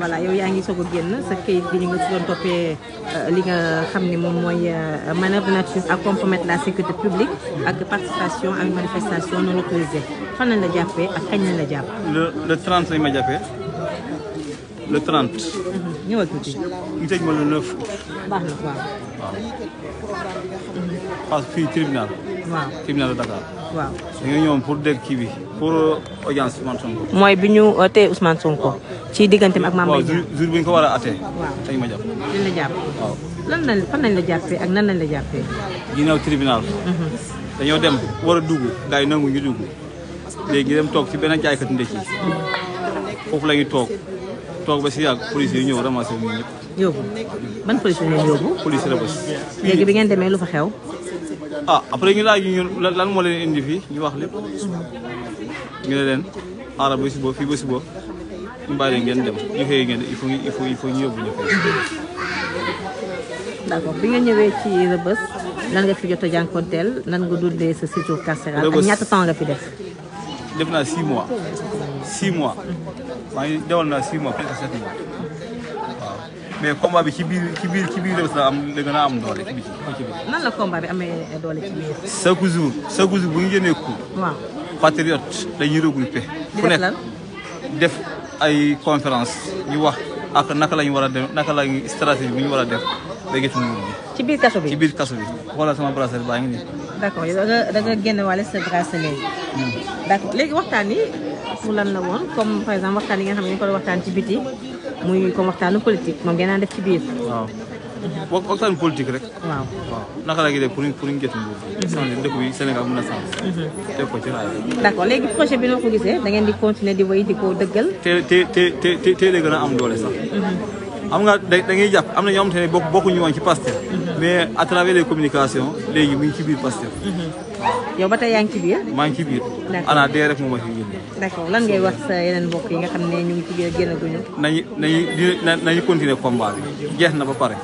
voilà yow yaa ngi soog génn sa këyit bi ñu nga si doon toppee euh, li nga xam ni moom mooy euh, manœuvre nature ak compromettre la sécurité publique ak participation à une manifestation non autorisée fan lañ la jàppe ak kañ lañ la jàpp. le le 30 lañ ma jàppee le 30. Mm-hmm. ñëwal tuuti. ñu tëj ma le 9 août. na waaw. tribunal. waaw tribunal de Dakar. waaw dañoo pour dégg kii bi pour audience Ousmane Sonko. mooy bi ñu téye Ousmane Sonko. ci digganteem ak Mame Mbaye Niang. waaw jour bi ñu ko war a atee. waaw lan la jàpp waaw. lan lañ fan ak nan lañ la jàppee. ginnaaw tribunal. Mhm. dañoo dem war a dugg gars yi nangu ñu dugg léegi dem toog ci benn jaaykat ndekki foofu la ñuy toog toog ba si yàgg police yi ñëw ramassé ñun ñëpp. yóbbu ban police yi ñëw yóbbu. police Rebeuss. léegi bi ngeen demee lu fa xew. ah après ñu laaj ñu lan moo leen indi fii ñu wax lépp ñu leen aara ba suba fii ba suba ñu bàyyi leen ngeen dem ñu xëyee ngeen il faut il faut il ñu yóbbu ñu d' accord bi nga ñëwee ci Rebeuss lan nga fi jot a jànkonteel nan nga dundee sa séjour carcéral ak ñaata temps nga fi def. def naa 6 mois 6 mois maa ngi dewal naa 6 mois presque 7 mois. mais combat bi ci biir ci biir ci biir sax am da gën a am doole ci biir. nan la combat bi amee doole ci biir. chaque jour chaque jour bu ñu génnee coup. waaw patriote dañuy regroupé. fu nekk def ay conférence ñu wax ak naka la ñu war a def naka la ñu stratégie bu ñu war a def ba gis nguur bi. ci biir kaso bi ci biir kaso bi. voilà sama bracelet baa ngi nii. d' accord génne wale sa bracelet yi. Hmm. d' accord léegi waxtaan yi pour lan la woon comme par exemple waxtaan yi nga xam ne ñu ko doon waxtaan ci biti. muy comme waxtaanu politique moom ngeen def ci biir. waaw wax waxtaanu politique rek. waaw waaw naka la ñuy def pour ñu pour ñu jot mhm. bi Sénégal mën na sànni. teg mhm. ko ci raay d' accord léegi projet bi noo ko gisee da ngeen di continuer di wéy di ko dëggal. te te te am doole sax. xam mhm. nga da da ngay jàpp am na ñoo xamante ne bokk bokkuñu woon ci Pastef. mais à travers léegi mu ci biir Pastef. yow ba tey yaa ci biir. maa ngi ci biir. d' dee rek moom ma fi génne. d'accord lan ngay wax sa yeneen mbokk yi nga xam ne ñu ngi ci génn guñu. nañu nañu nañu continuer combat bi jeex na ba pare.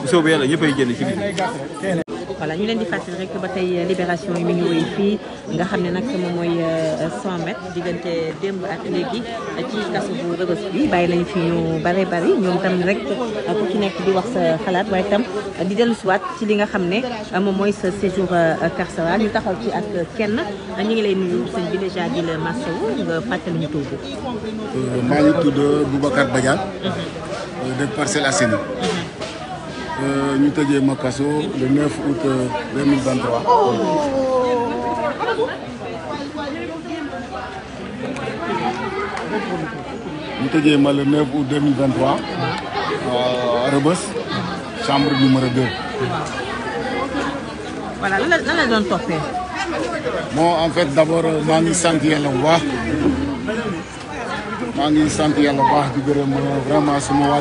bu soobee yàlla ñëppay génn ci biir. voilà ñu leen di fàttali rek ba tey euh, libération yi mi ngi wéy fii nga xam ne nag moom mooy 100 euh, diggante démb ak léegi ci kaso bu Rebeuss bi bàyyi nañu fi ñu bare bari ñoom tam rek euh, ku ci nekk di wax sa xalaat waaye tam di dellu siwaat ci li nga xam ne moom mooy sa séjour carcéral ñu taxaw ci ak kenn ñu ngi lay nuyu sëñ bi déjà di la masawu nga fàttali ñu tuuti. maa ngi tudd Boubacar Badiane. Mhm. de Parcelles Assainies. Mhm. Euh, ñu tëjee ma kaso le 9 août 2023. Euh, ñu tëjee ma le 9 août 2023 euh, à Rebeuss chambre numéro 2. voilà lan la lan la doon toppee. bon en fait d'abord maa ngi sant yàlla bu maa ngi sant yàlla bu baax di gërëm vraiment sama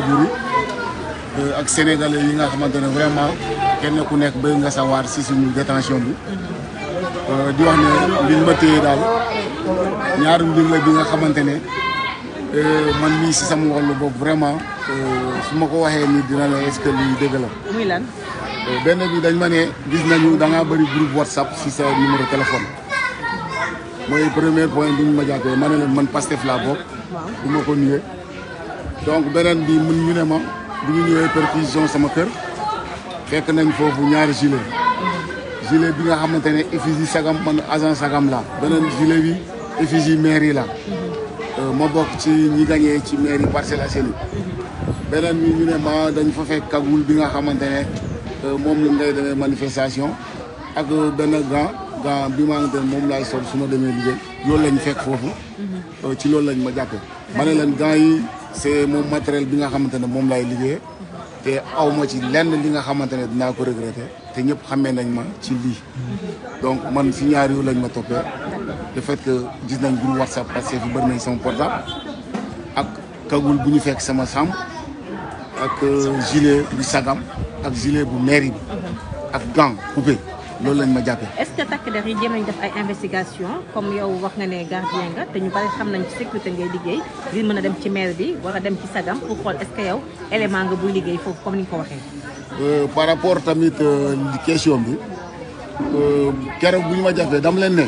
ak sénégalais yi nga xamante ne vraiment kenn ku nekk ba nga sawaar si suñu détention bi euh, di wax ne mbir ma téye daal ñaar mbir la bi nga xamante ne euh, man mii si sama wàllu bopp vraiment euh, su ma ko waxee ni dina la est-ce que la. benn bi dañ ma ne gis nañu da ngaa bëri groupe whatsapp si sa numéro téléphone. mooy premier point bi ñu ma ma ne leen man Pastef laa bokk. du ma ko nuyee. donc beneen bi mun ñu ne ma. bu ñu ñëwee perquisition sama kër fekk nañ foofu ñaari gilet gilet bi nga xamante ne effigie sagam man agent sagam la beneen gilet bi effigie mairie la euh, ma bokk ci ñi gañee ci mairie Parcelles Assainies beneen bi ñu ne ma dañ fa fekk kagul bi nga xamante ne euh, moom lañ ngay demee manifestation ak euh, benn gant gant bi maa ngi teen moom laay sol su ma demee liggéey loolu lañ fekk foofu ci loolu lañ ma jàppee ma ne c'est moom matériel bi nga xamante ne moom laay liggéey te aw ma ci lenn li nga xamante ne dinaa ko regretter te ñëpp xamee nañ ma ci lii donc man si ñaar lañ ma toppee le fait que gis nañ groupe WhatsApp parce que fi bëri nañ sama portable ak kagul bu ñu fekk sama sàmm ak euh, gilet bu sagam ak gilet bu mairie bi ak gant coupé loolu lañ ma jàppee. est-ce que takk der yi jéem nañ def ay investigation comme yow wax nga ne gardien nga te ñu bari xam nañ ci sécurité ngay liggéey ngir mën a dem ci maire bi war a dem ci sagam pour xool est-ce que yow élément nga buy liggéey foofu comme ni nga ko waxee. Euh, par rapport tamit euh, question bi euh, keroog bu ñu ma jàppee dam leen ne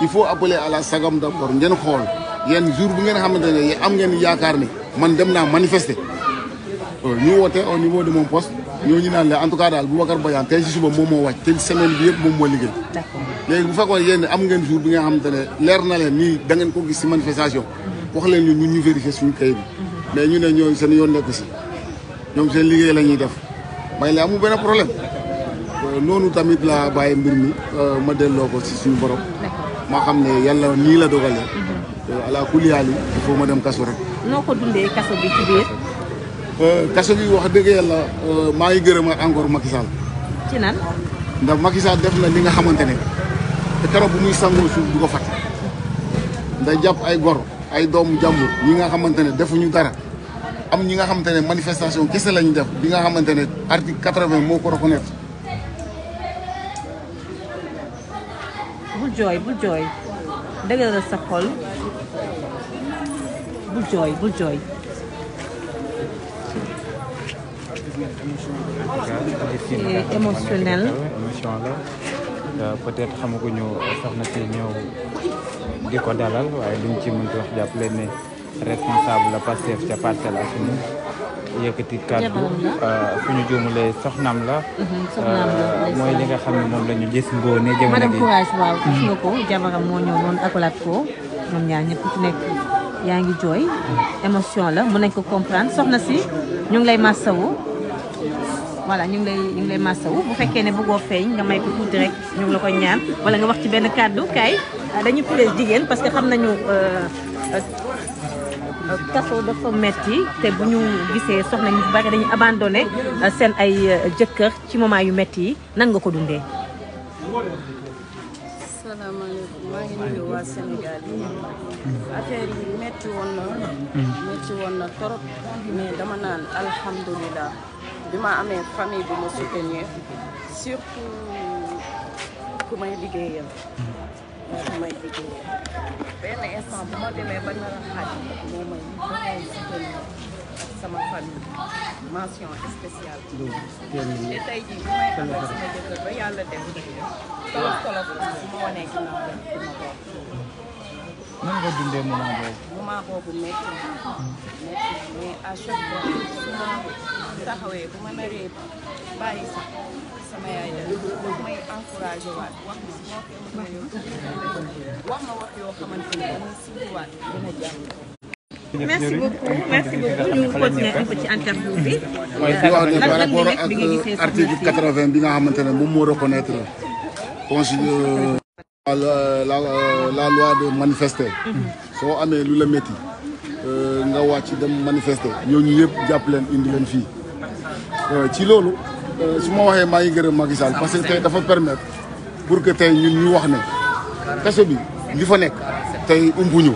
il faut appeler à la sagam d'accord ngeen xool yeen jour bu ngeen xamante ne am ngeen yaakaar ni man dem naa manifester. Euh, ñu woote au niveau de mon poste ñooñu naan la en tout cas daal Boubacar Badiane tey si suba moom moo wàcc te semaine bi yëpp moom moo liggéey. d'accord léegi bu fekkoon yéen am ngeen jour bi nga xamante ne leer na leen nii da ngeen ko gis si manifestation. wax leen ñun ñun ñu vérifier suñu kayit bi. mais ñu ne ñooñu seen yoon nekk si ñoom seen liggéey la def may la amul benn problème euh, noonu tamit laa bàyyi mbir mi euh, ma delloo ko si suñu borom. ma xam ne yàlla nii la dogalee. Mhm. ala kulli haal il ma dem kaso rek. Euh, kaso bi wax dëgg yàlla euh, maa ngi gërëm encore Macky Sall. ci nan. ndax Macky def na li nga xamante ne te keroog bu muy sangoo suuf du ko fàtte nday jàpp ay gor ay doomu jàmbur ñi nga xamante ne defuñu dara am ñi nga xamante ne manifestation kese lañu jàpp bi nga xamante ne article quatre-vingt moo ko reconnaître. bul jooy bul jooy dëgëral sa xol bul jooy bul jooy. et émotionnel. émission euh, la peut-être xamaguñu soxna si ñëw di ko dalal waaye luñ ci mënti wax jàpp leen ne responsable la Pastef ca Parcelles Assainies yëkkati kàddu euh, suñu juumulee soxnaam la. Mhm, soxnaam la euh, mooy li nga xam ne moom la ñu gis ngóone jamono gi madame mhm. moo ñëw noonu akolaat ko ngi jooy émotion la mën nañ ko comprendre soxna si ñu ngi lay massawu voilà ñu ngi lay ñu ngi lay massawu bu fekkee ne bëggoo feeñ nga may ko tuuti rek ñu la koy ñaan wala nga wax ci benn kàddu kaay ah, dañu pulee jigéen parce que xam nañu euh, euh, euh, kaso dafa metti te bu ñu gisee soxna ñu bari dañu abandonné seen ay jëkkër ci moment yu metti yi nanga ko dundee salaamaaleykum maa ngi bi ma amee famille bu ma soutenir surtout ku may liggéeyal moo ku may liggéeyal benn instant bu ma demee ba nar a xaaj moo may damay soutenir sama famille mention spéciale te tey jii bu may amee sama jëkkër ba yàlla def tolof tolof bu ma wanee ginnaaw def ma bokk nan nga dundee moment ne dañuy siiwaat dina merci beaucoup merci beaucoup ñu un peu ci bi. nga xamante ne moom moo reconnaître consul. la la la loi de manifester. soo amee lu la métti euh, nga wàcc dem manifester ñooñu yëpp jàpp leen indi leen fii euh, ci loolu euh, su ma waxee maa ngi gërëm Macky Sall parce que tey dafa permettre pour que tey ñun ñu wax ne kaso bi li fa nekk tey umpuñu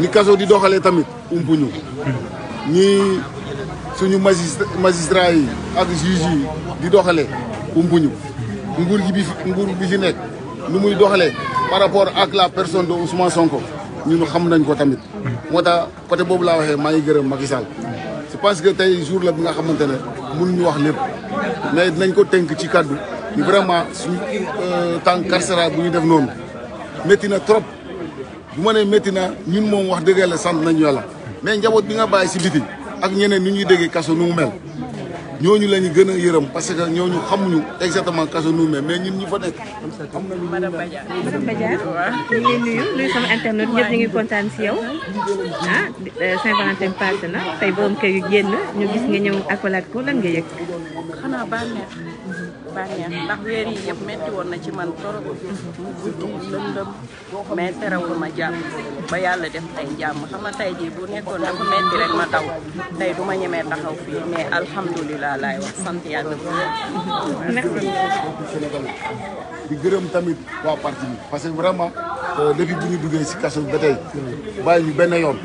ni kaso di doxalee tamit umpuñu ñi suñu magistrat yi ak juge yi di doxalee umpuñu nguur gi bi nguur bi fi nekk nu muy doxalee par rapport ak la personne de Ousmane Sonko ñun xam nañ ko tamit. moo tax côté boobu laa waxee maa ngi gërëm Macky Sall. je que tey jour la bi nga xamante ne ñu wax lépp mais dinañ ko tenk ci kaddu ni vraiment suñu euh, temps carcéral bu ñu def noonu métti na trop bu ma nee métti na ñun moom wax dëgg la sant nañu yàlla mais njaboot bi nga bàyyi si biti ak ñeneen nu ñuy déggee kaso nu mu mel. ñooñu la ñu gën a yërëm parce que ñooñu xamuñu exactement kaso Ndoumé mais ñun ñu fa nekk. am na lu ñu madame Badiane. madame Badiane ñu ngi nuyu sama internet ñëpp ñu ngi kontaan si yow ah Saint-Valentin na tey borom kër yu génn ñu gis nga ñëw accolade ko lan nga yëg. xanaa bànneex bànneex ndax weer yi metti woon na ci man torop mu guddi lëndëm mais terewul ma jàmm ba yàlla def tey jàmm xam nga tey jii bu nekkoon dafa metti rek ma du ma ñemee taxaw fii mais alhamdulilah laay wax sant yàlla bu di gërëm tamit waa parti parce que vraiment euh, depuis bu ñu duggee si kaso ba tey bàyyi ñu benn yoon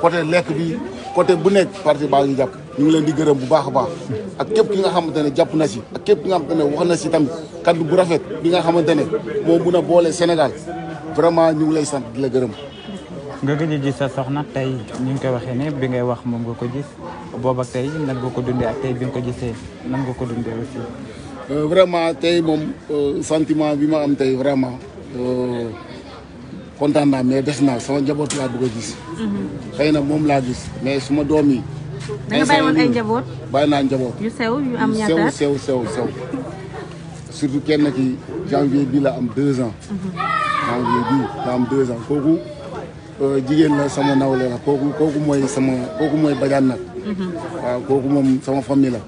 côté lekk bi côté bu nekk parti baa ngi jàpp ñu ngi leen di gërëm bu baax a baax ak képp ki nga xamante ne jàpp na si ak képp ki nga xamante ne wax na si tamit kaddu bu rafet bi nga xamante ne moo mun a boole Sénégal vraiment ñu ngi lay sant di la gërëm. nga gëj a gis sa soxna tey ñu ngi koy waxee ne bi ngay wax moom nga ko gis booba ak tey nan nga ko dundee ak tey bi nga ko gisee nan nga ko dundee aussi. Euh, vraiment tey moom euh, sentiment bi ma am tey vraiment euh, kontaan naa mais des naa sama njaboot laa bëgg a gis. Mhm. xëy na moom laa gis mais suma doom yi. da nga bàyyi naa njaboot. yu sew sew sew sew surtout kenn ki janvier bi la am deux ans. Mhm. janvier bi la am deux ans kooku euh, jigéen la sama nawle la kooku kooku mooy sama kooku mooy bajaan nag. Mhm. waaw kooku moom sama famille la.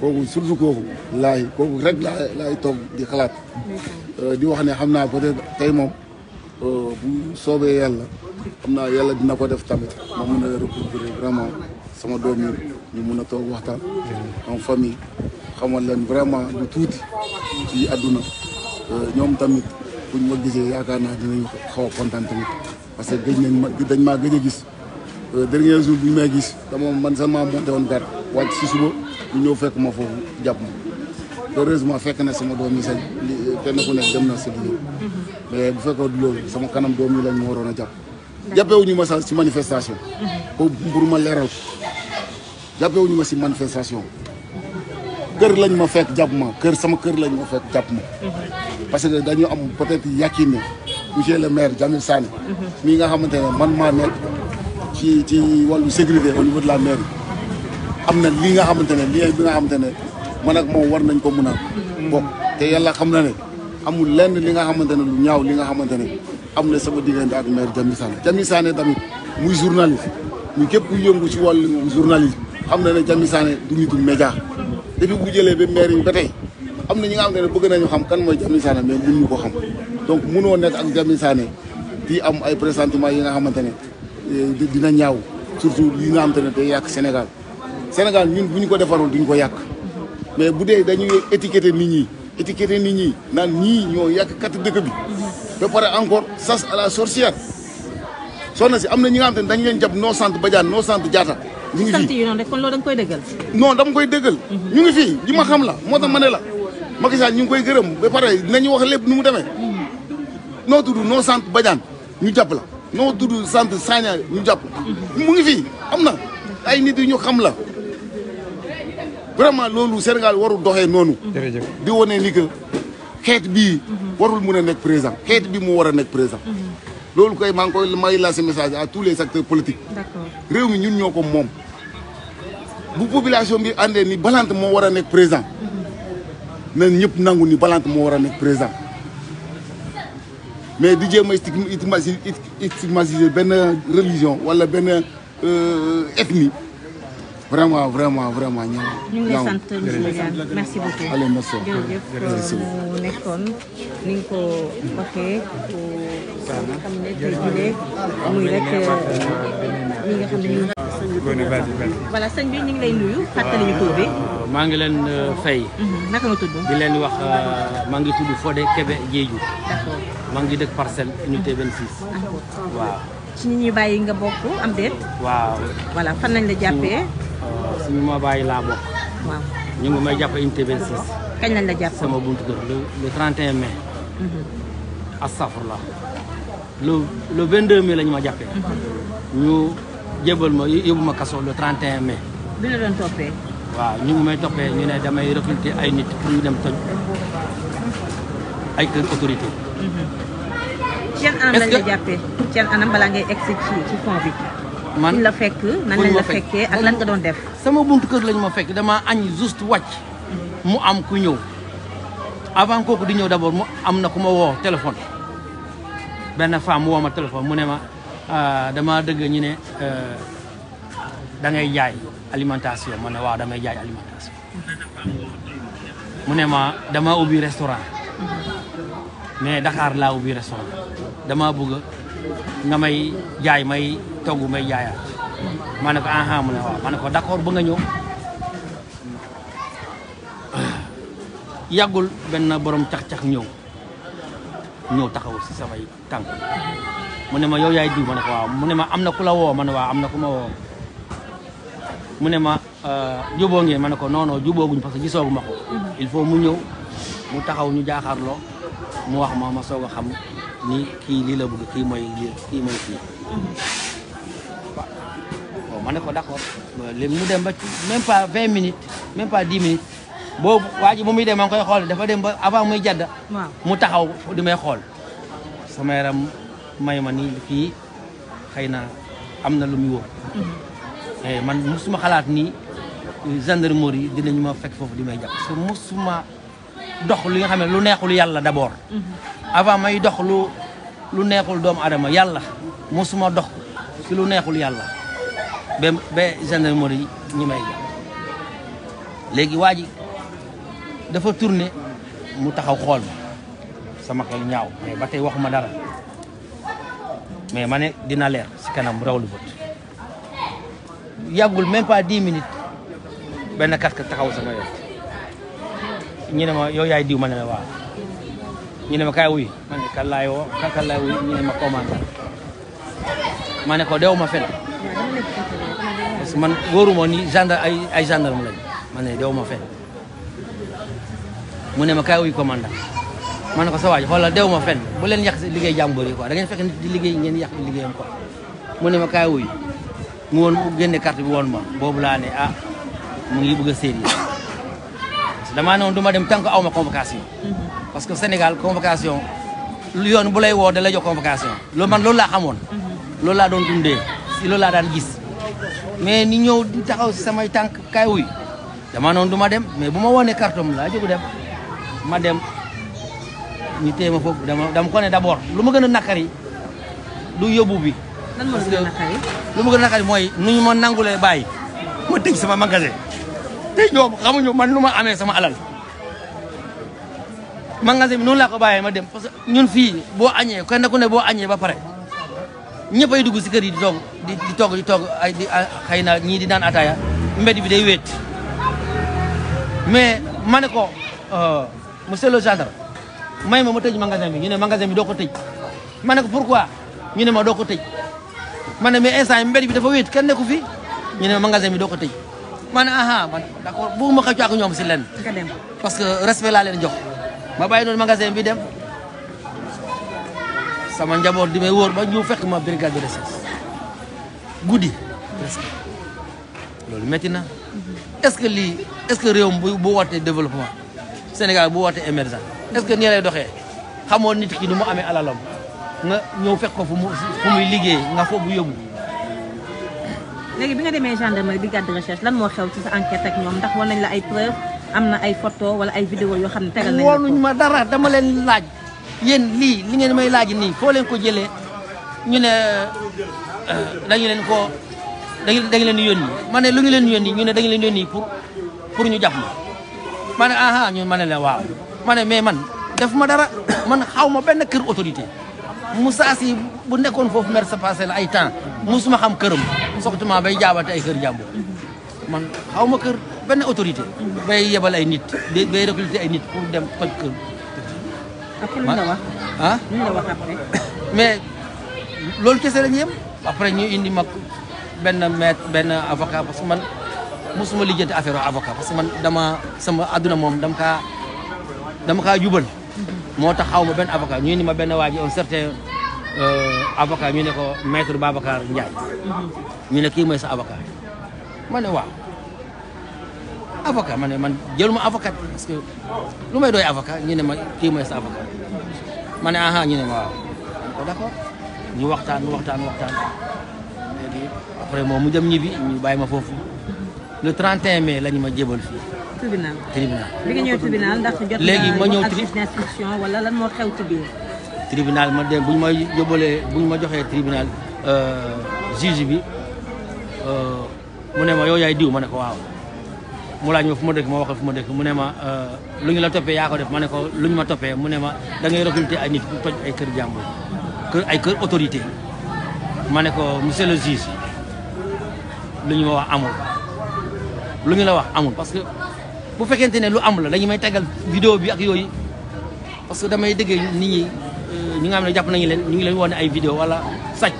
kooku surtout kooku laay kooku rek laa laay toog di xalaat euh, di wax ne xam naa peut tey moom euh, bu soobee yàlla xam naa yàlla dina ko def tamit ma mën a récupérer vraiment sama doom yi ñu mun a toog waxtaan en famille xamal leen vraiment du tuuti ci àdduna euh, ñoom tamit buñ ma gisee yaakaar naa dinañ xaw a kontaan tamit parce que gëj nañ ma dañ maa gëj a gis euh, dernier jour bu ñu may gis dama man seulement monté woon gar wàcc si suba ñu ñëw fekk ma foofu jàpp ma heureusement fekk na sama doom yi sañ kenn ku nekk dem na si liggéey mhm. mais bu fekkoon loolu sama kanam doom yi lañ moo waroon a jàpp jàppewuñu ma sax si manifestation. boobu pour ma ma si manifestation. kër lañ ma fekk jàpp ma kër sama kër lañ ma fekk jàpp ma. parce que dañu am peut-être yàqin ne monsieur le maire Jamil Sané. mii nga xamante ne man maa ci ci wàllu sécurité de la mairie. am na li nga xamante ne lien bi nga xamante ne man ak moom war nañ ko mën a bokk te yàlla xam na ne. amul lenn li nga xamante ne lu ñaaw li nga xamante ne am na sama diggante ak maire Jami Sané Jami Sané tamit muy journaliste ñu képp ku yëngu ci wàllu journalisme am na ne Jami Sané du nitu média depuis bu jëlee be maire yi ba tey am na ñi nga xam ne bëgg nañu xam kan mooy Jami Sané mais ñu ko xam donc mënoo nekk ak Jami Sané di am ay pressentiment yi nga xamante ne eh, dina ñaaw surtout li nga xamante ne day yàq Sénégal Sénégal ñun bu ñu ko defarul duñ ko yàq mais bu dee dañuy étiqueter nit ñi étiqueté nit ñi nan ñii ñoo yàq kat dëkk bi. ba pare encore chasse à la sorcière. soxna si am na ñi nga xam te ne dañu leen jàpp noo sant Badiane noo sant Diatta. ñu ngi fii sant rek kon loolu da nga koy dëggal. dama koy dëggal. Mhm. ñu ngi fii li ma xam la moo tax ma ne la. Macky Sall ñu ngi koy gërëm ba pare dinañu wax lépp nu mu demee. Mhm. noo tudd noo sant Badiane ñu jàpp la noo tudd sant Sagna ñu jàpp. Mhm. mu ngi fii am na ay nit ñu xam la. vraiment loolu Sénégal warul doxee noonu. di wane ni que xeet bii. warul mun a nekk président xeet bi mu war a nekk président. loolu koy maa ngi koy la lancer message à tu le acteurs politiques. réew mi ñun ñoo ko moom. bu population bi àndee ni Balante moo war a nekk président. na ñëpp nangu ni Balante moo war a nekk présent mais di jéem a stigmatiser benn religion wala benn euh, ethnie. vraiment vraiment vraiment ñu ngi lay sant merci beaucoup allez merci euh, mu nekkoon ni nga ko waxee ku xam ne tey jii muy rek euh, ñi nga xam ah, bi ñu ngi lay nuyu fàttali ñu tur bi ah, maa ngi leen euh, fay mhm. naka nga tudd di leen wax maa ngi tudd foo de Diédhiou d'accord maa ngi dëkk parcelle unité 26 waaw ci ñi ñuy bàyyi nga bokk am déet. waaw voilà fan nañ la jàppee. Euh, suñu ma bàyyi laa bokk. ñu ngi may jàpp unité 26. a lañ la jàpp sama buntu kër le le 31 mai. Mhm. astafurlah le le 22 mai lañ ma jàppee. Mhm. ñu jébal ma yóbbu ma kaso le 31 mai. bi la doon toppee. waaw ñu ngi may toppee ñu ne damay recruter ay nit pour ñu dem toj mhm. ay kër autorité. yan anam lañ la jàppee yan anam balaa ngay egg ci ci man la fekk nan fekkee ak lan nga doon def. sama buntu kër lañ ma fekk damaa añ juste wàcc mu am ku ñëw avant kooku di ñëw d'abord mu am na ku ma woo téléphone benn femme woo ma téléphone mu ne ma ah, dama dëgg ñu ne euh, da ngay jaay alimentation ma ne waaw damay jaay alimentation mu ne ma dama ubbi restaurant. mais Dakar laaw ubbi restaurant dama bëgg nga may jaay may togg may jaayaat ma ne ko ah, ah, ne waaw ma ne ba nga ñëw yàggul benn borom cax-cax ñëw ñëw taxaw si samay tànk mu ne ma yow yaay diw ma ne ko waaw mu ne ma am na ku la woo man ne waaw am na ku ma woo mu ne ma euh, juboo ngeen ma ne ko non non jubooguñ parce que gisoogu ma ko mm-hmm. il faut mu ñëw mu taxaw ñu jaaxaarloo mu wax ma ma soog a xam ni kii lii la bëgg kii mooy lii kii mooy kii waaw ma ne ko d'accord léegi mu dem ba ci même pas vingt minutes même pas dix minutes boobu waa ji bu muy dem ma koy xool dafa dem ba avant muy jàdd mu taxaw di may xool sama yaram may ma ni kii xëy na am na lu muy wóor mhm. eh, man musuma xalaat ni dina dinañu ma fekk foofu di may jàpp parce musuma dox li nga xam ne lu neexul yàlla d'abord avant may dox lu neexul doomu adama yàlla mosuma dox ci lu neexul yàlla ba ba gendarmerie ñi may léegi waa ji dafa turne mu taxaw xool ma sama xel ñaaw mais ba tey waxuma dara mais ma ne dina leer si kanam raw lu bët yàggul même pas dix minutes benn kat taxaw sama yoon ñu ne ma yow diw ma ne la waaw ñu ne ma kaay wuy ma ne kan laay woo kan wuy ñu ne ma commande ko dew ma fen parce que man wóoruma ni gendarme ay ay gendarme lañu ma ne dew ma fen mu ne ma kaay wuy commandant ma ko sa waaj xoolal dew ma fen bu leen yàq si liggéey jàmbur yi quoi da ngeen fekk nit di liggéey ngeen yàq mu ne ma kaay wuy mu woon mu génne carte bi woon ma boobu laa ne ah, mu ngi bëgg a damaa noonu du ma dem tant que aw ma convocation. Mhm. parce que Sénégal convocation lu yoon bu lay woo da lay convocation. loolu man loolu laa xamoon. Mhm. loolu laa doon dundee si loolu laa daan gis mais ni ñëw di si samay tànk kaay wuy damaa noonu du ma dem mais bu ma wonee carton laa jógu dem ma dem ñu téye ma foofu dama dama ko ne lu ma gën a nakari du yóbbu bi. a lu ma gën a nakari mooy nu ñu ma nangulee bàyyi ma tëj sama magasin. tey ñoom xamuñu man nu ma amee sama alal magasin bi noonu laa ko bàyyee ma dem parce que ñun fii boo añee kenn ku ne boo añee ba pare ñëpp ay dugg si kër yi di di di toog di toog ay di ah, xëy na ñii di naan ataaya mbedd bi day wéet mais ma ne ko euh, monsieur le gendarme may ma ma tëj magasin bi ñu ne magasin bi doo ko tëj ma ne ko pourquoi ñu ne ma doo ko tëj ma ne mais instant yi mbedd bi dafa wéet kenn nekku fi ñu ne magasin bi doo ko tëj man aha man d' accord bugguma xëccoo ñoom si lenn. parce que respect laa leen jox. ma bàyyi noonu magasin bi dem sama njaboot di may wóor ma ñu fekk ma brigade de guddi loolu métti na. Mhm. est ce que lii est ce que réew bu bu wootee développement Sénégal bu wootee émergent est que nii lay doxee xamoon nit ki ni mu amee alalam nga ñëw fekk ko fu mu fu muy liggéey nga foofu yóbbu. léegi bi nga demee gendarmerie brigade de recherche lan moo xew ci sa enquête ak ñoom ndax wala la ay preuve am na ay photo wala ay vidéo yoo xam ne tegal nañ woonuñ ma dara dama leen laaj yéen lii li ngeen may laaj nii foo leen ko jëlee ñu ne eh, dañu leen ko dañu leen yónni ma ne lu ñu leen yónni ñu ne dañu leen yónni pour ñu jàpp ma ma ne aha ñun ma ne leen waaw ma ne mais man def ma dara man xaw ma benn kër autorité Moussa Sy bu nekkoon foofu mer sa passé la ay temps musuma xam këram soxtuma bay jaabate ay kër jàmbur man xaw ma kër benn autorité bay yebal ay nit bay recruter ay nit pour dem toj kër ah mais loolu kese la ñu après ñu indi mag benn maître benn avocat parce que man musuma lijjanti affaire avocat parce que man dama sama adduna moom dama kaa dama kaa jubal moo tax aw ma benn avocat ñu ni ma benn waa ji un certain euh, avocat ñu ne ko maître Babacar Ndiaye mhm. ñu ne kii mooy sa avocat ma ne waaw avocat ma ne man jëluma avocat parce que lu may doy avocat ñu ne ma kii mooy sa avocat ne aha ñu ne ma waaw ko ñu waxtaan waxtaan waxtaan après moom mu jëm ñibbi ñu bàyyi ma foofu le 31 mai la ñu ma jébal fii tribunal bi nga ñëw tribunal ndax léegi ma ñëw instruction wala lan moo xew ci biir tribunal ma dem bu ñu ma yóbbalee bu ma joxee tribunal euh, juge bi euh, mu ne ma yow diw ma ne ko waaw mu laaj ma fu ma dëkk ma waxal fu ma dëkk mu ne ma euh, lu ñu la toppee yaa ko def ma ne ko lu ñu ma toppee mu ne ma da ngay recruter ay nit pour toj ay kër jàmbur kër ay kër autorité ma ne ko monsieur le juge lu ñu ma wax amul lu ñu la wax amul parce bu fekkente ne lu am la dañu may tegal vidéo bi ak yooyu parce que damay dëggee nit ñi euh, ñi nga xam ne jàpp nañu leen ñu ngi leen woon ay vidéo wala sàcc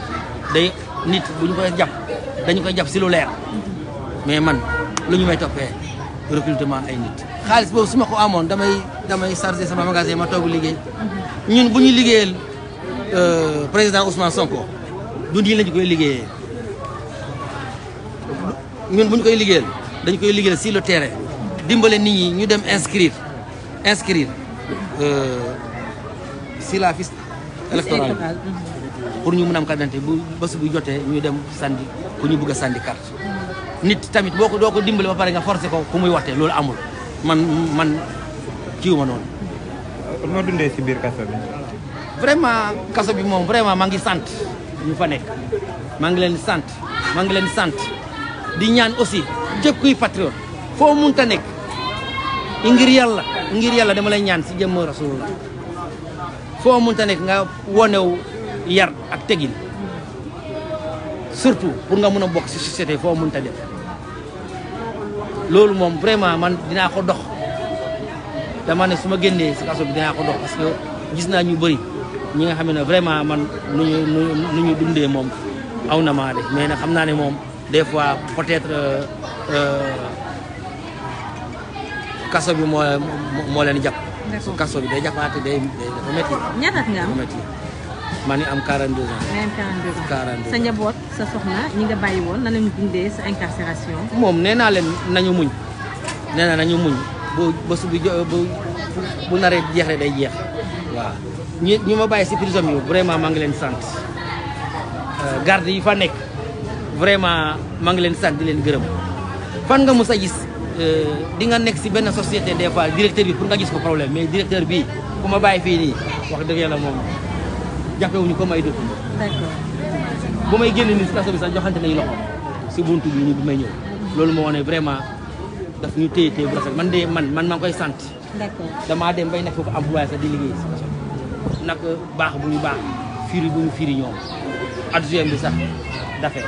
day nit bu ñu koy jàpp dañu koy jàpp si lu leer mais man lu ñu may toppee recrutement ay nit. xaalis boobu su ma ko amoon damay damay chargé sama magasin ma toog liggéey ñun bu ñu liggéeyal euh, président Ousmane Sonko du nii lañu koy liggéeyee ñun bu ñu koy liggéeyal dañu koy liggéeyal si le terrain. dimbale nit ñi ñu dem inscrire inscrire euh, si la fiche électorale ñu mun am carte d'identité bu bés bu jotee ñu dem sandi ku ñu bëgg a sandi carte nit tamit boo ko doo ko dimbale ba pare nga forcé ko ku muy waxte loolu amul man man kiiwuma noonu. noo dundee si biir kaso bi. vraiment kaso bi moom vraiment maa ngi sant ñu fa nekk maa ngi leen sant maa ngi leen sant di ñaan aussi képp kuy patriote foo munta nekk. ngir yàlla ngir yàlla dama lay ñaan si jëmm rasulullah foo mënta nekk nga wonew yar ak tegin surtout pour nga mun a bokk si société foo mënta def loolu moom vraiment man dinaa ko dox dama ne su ma génnee si kaso bi dinaa ko dox parce que gis naa ñu bëri ñi nga xam ne vraiment man nu ñu nu ñu dundee moom aw na maa de mais nag xam naa ne moom des fois peut kaso bi moo moo leen jàpp. su kaso bi day jàppaate day day dafa métti. ñaata at nga am métti man am 42 ans. même 42 ans 42 sa njaboot sa soxna ñi nga bàyyi woon na lañu dundee sa incarcération. moom nee naa leen nañu muñ ne naa nañu muñ bu bés bu jo bu bu naree jeex rek day jeex waaw ñi ñu ma bàyyi si prison bi vraiment maa ngi leen sant euh, garde yi fa nekk vraiment maa ngi leen sant di leen gërëm fan nga mos a gis. Euh, di nga nekk si benn société des fois directeur bi pour nga gis ko problème mais directeur bi ku ma bàyyi fii nii wax dëgg yàlla moom jàppewuñu ko may dëkk. d'accord bu may génn nii si kaso bi sax joxante nañu loxo si buntu bi ñu bi may ñëw. loolu moo ne vraiment daf ñu téye téye bu rafet man de man man maa koy sant. d'accord damaa dem bay nekk ko employé sax di liggéey nag baax bu ñu baax firi bu ñu firi ñoom adjoint bi sax dafe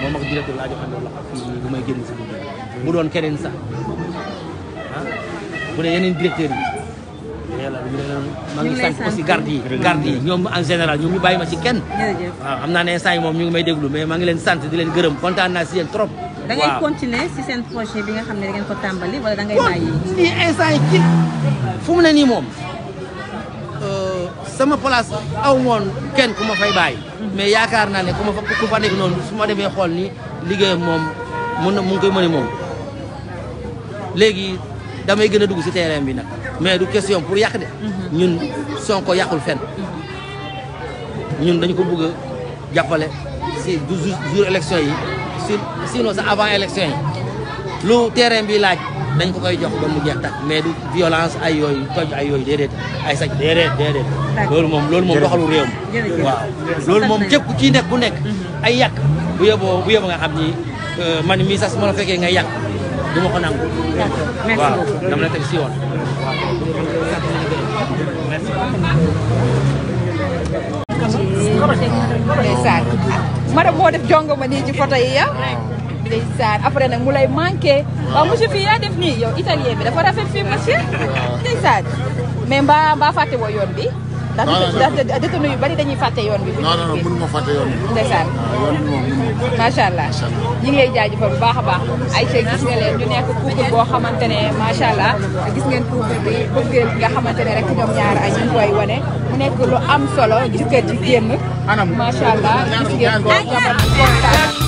moom ak directeur laa joxante loxo fii nii bu may génn si buntu bu doon keneen sax ah bu dee yeneen directeur yi yàlla ñu maa ngi sant aussi garde yi garde yi ñoom en général ñoom ñu bàyyi ma ci kenn am xam naa ne instant moom ñu ngi may déglu mais maa ngi leen sant di leen gërëm kontaan naa si yéen trop da ngay si seen projet bi nga xam ne da ngeen ko tàmbali wala da ngay bàyyi nii instant yi ci fu ne nii moom euh, sama place aw moon kenn ku ma fay bàyyi mais yaakaar naa ne ku ma fa ku fa nekk noonu su ma demee xool ni liggéeyam moom mën na mu ngi koy léegi damay gën a dugg si terrain bi nag mais du question pour yàq de. ñun Sonko yàqul fenn. ñun dañu ko bëgg a jàppale si du jour élection yi sinon sa avant élection yi lu terrain bi laaj dañ ko koy jox ba mu jeex tak mais du violence ay yooyu toj ay yooyu déedéet ay saj déedéet déedéet. loolu moom loolu moom doxalu réew mi. waaw loolu moom képp ku ciy nekk bu nekk. Mm-hmm. ay yàq bu yeboo bu yeboo nga xam ni euh, man mii sax su ma la fekkee ngay yàq. du ma ko nangu. merci waaw dama la teg def jongo ma nii ci ah. nag mu lay manqué bi dafa rafet fii mais mbaa mbaa fàtte woo yoon bi ndax ndax détenu yu bari dañuy fàtte yoon bi. bu non non mënu ma fàtte yoon bi. ndeysaan ah, yoon macha allah ñi ngi lay jaajëfal bu baax a baax. ay ci gis nga leen ñu nekk couple boo xamante ne macha allah gis ngeen couple bi bëggeel nga xamante ne rek ñoom ñaar ay ñu koy wane mu nekk lu am solo jëkkër ji génn. anam macha allah gis ngeen ko